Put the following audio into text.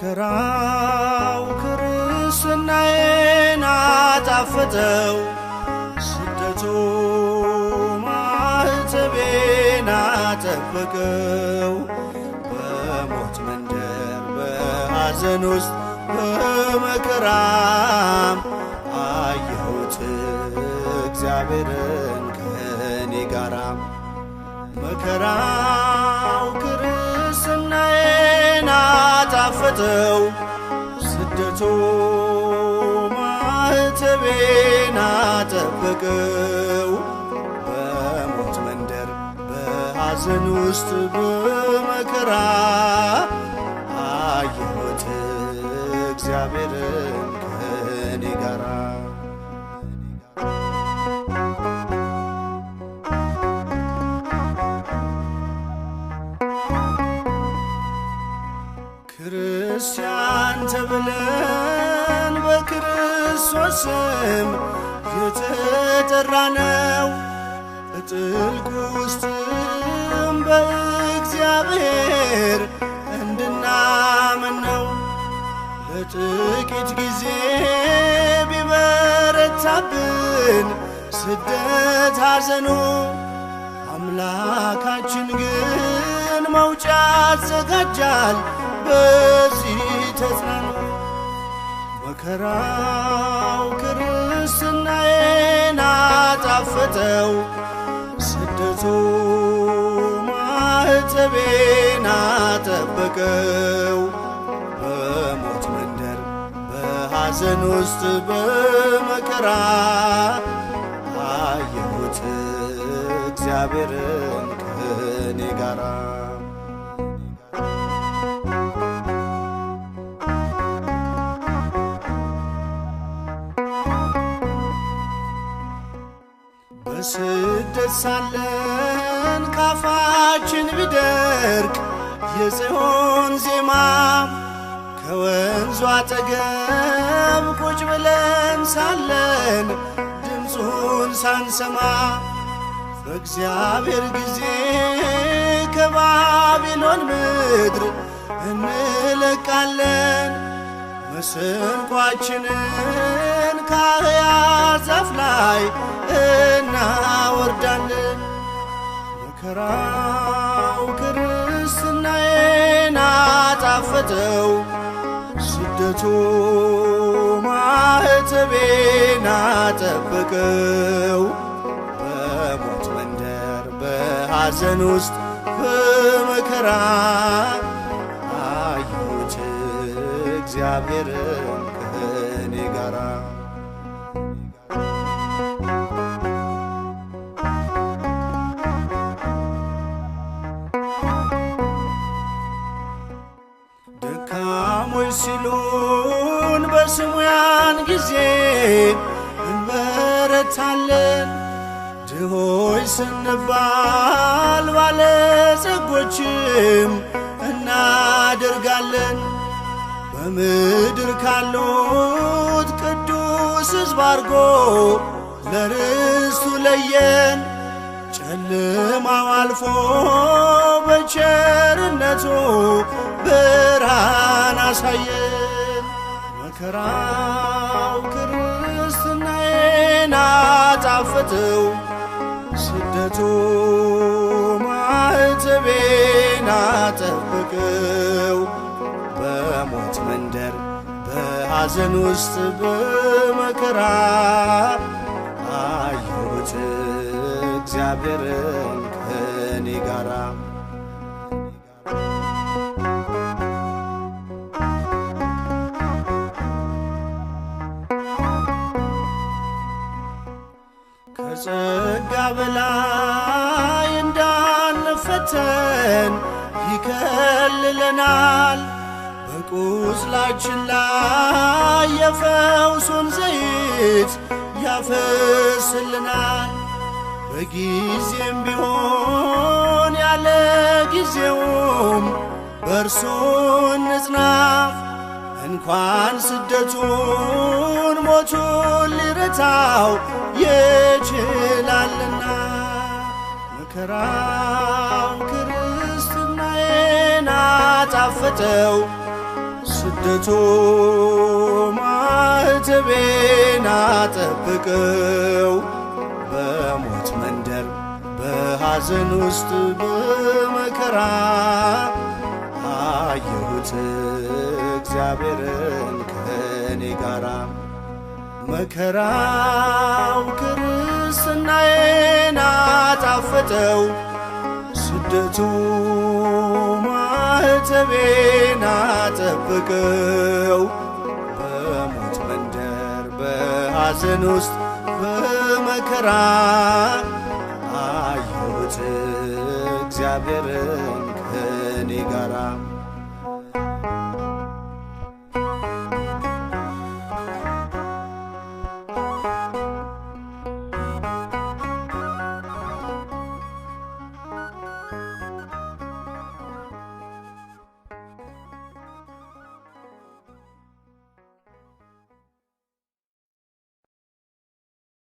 መከራው ክርስትናዬን አጣፈጠው፣ ስደቱ ማኅተቤን አጠበቀው። በሞት መንደር በሐዘን ውስጥ በመከራም አየሁት እግዚአብሔርን ከኔ ጋራም መከራ ጣፈጠው ስደቱ ማህተቤን አጠበቀው በሞት መንደር በሐዘን ውስጥ በመከራ አየሁት እግዚአብሔርን አንተ ብለን በክርስቶስ ስም የተጠራነው በጥልቅ ውስጥም በእግዚአብሔር እንድናምን ነው። ለጥቂት ጊዜ ቢበረታብን ስደት ሐዘኑ አምላካችን ግን መውጫ አዘጋጃል በዚህ ተጽናኑ መከራው ክርስትናዬን አጣፈጠው ስደቱ ማኅተቤን አጠበቀው በሞት መንደር በሐዘን ውስጥ በመከራ አየሁት እግዚአብሔርን ሳለን ካፋችን ቢደርቅ የጽዮን ዜማ ከወንዙ አጠገብ ቁጭ ብለን ሳለን ድምፁን ሳንሰማ በእግዚአብሔር ጊዜ ከባቢሎን ምድር እንለቃለን መሰንቋችንን ከአህያ ዛፍ ላይ መከራው ክርስትናዬን አጣፈጠው፣ ስደቱ ማህተቤን አጠበቀው። በሞት መንደር በሐዘን ውስጥ በመከራ አየሁት እግዚአብሔርን ከኔ ጋራ ደካሞች ሲሉን በስሙ ያን ጊዜ እንበረታለን። ድሆች ስንባል ባለጸጎችም እናደርጋለን። በምድር ካሉት ቅዱስ ሕዝብ አድርጎ ለርስቱ ለየን። ጨለማው አልፎ በቸርነቱ ብርሃን አሳየን። መከራው ክርስትናዬን አጣፈጠው፣ ስደቱ ማዕተቤን አጠበቀው። በሞት መንደር በሐዘን ውስጥ በመከራ እግዚአብሔርን ከኔ ጋራ ከጸጋ በላይ እንዳንፈተን ይከልለናል በቁስላችን ላይ የፈውሱን ዘይት ያፈስልናል። በጊዜም ቢሆን ያለ ጊዜውም በእርሱ እንጽና። እንኳን ስደቱን ሞቱን ሊረታው ይችላልና መከራው ክርስትናዬን አጣፈጠው፣ ስደቱ ማዕተቤን አጠብቀው። በሞት መንደር በሐዘን ውስጥ በመከራ አየሁት እግዚአብሔርን ከእኔ ጋራ መከራው ክርስትናዬን አጣፈጠው ስደቱ ማህተቤን አጠብቀው በሞት መንደር በሐዘን ውስጥ በመከራ አየሁት እግዚአብሔርን ከኔ ጋራ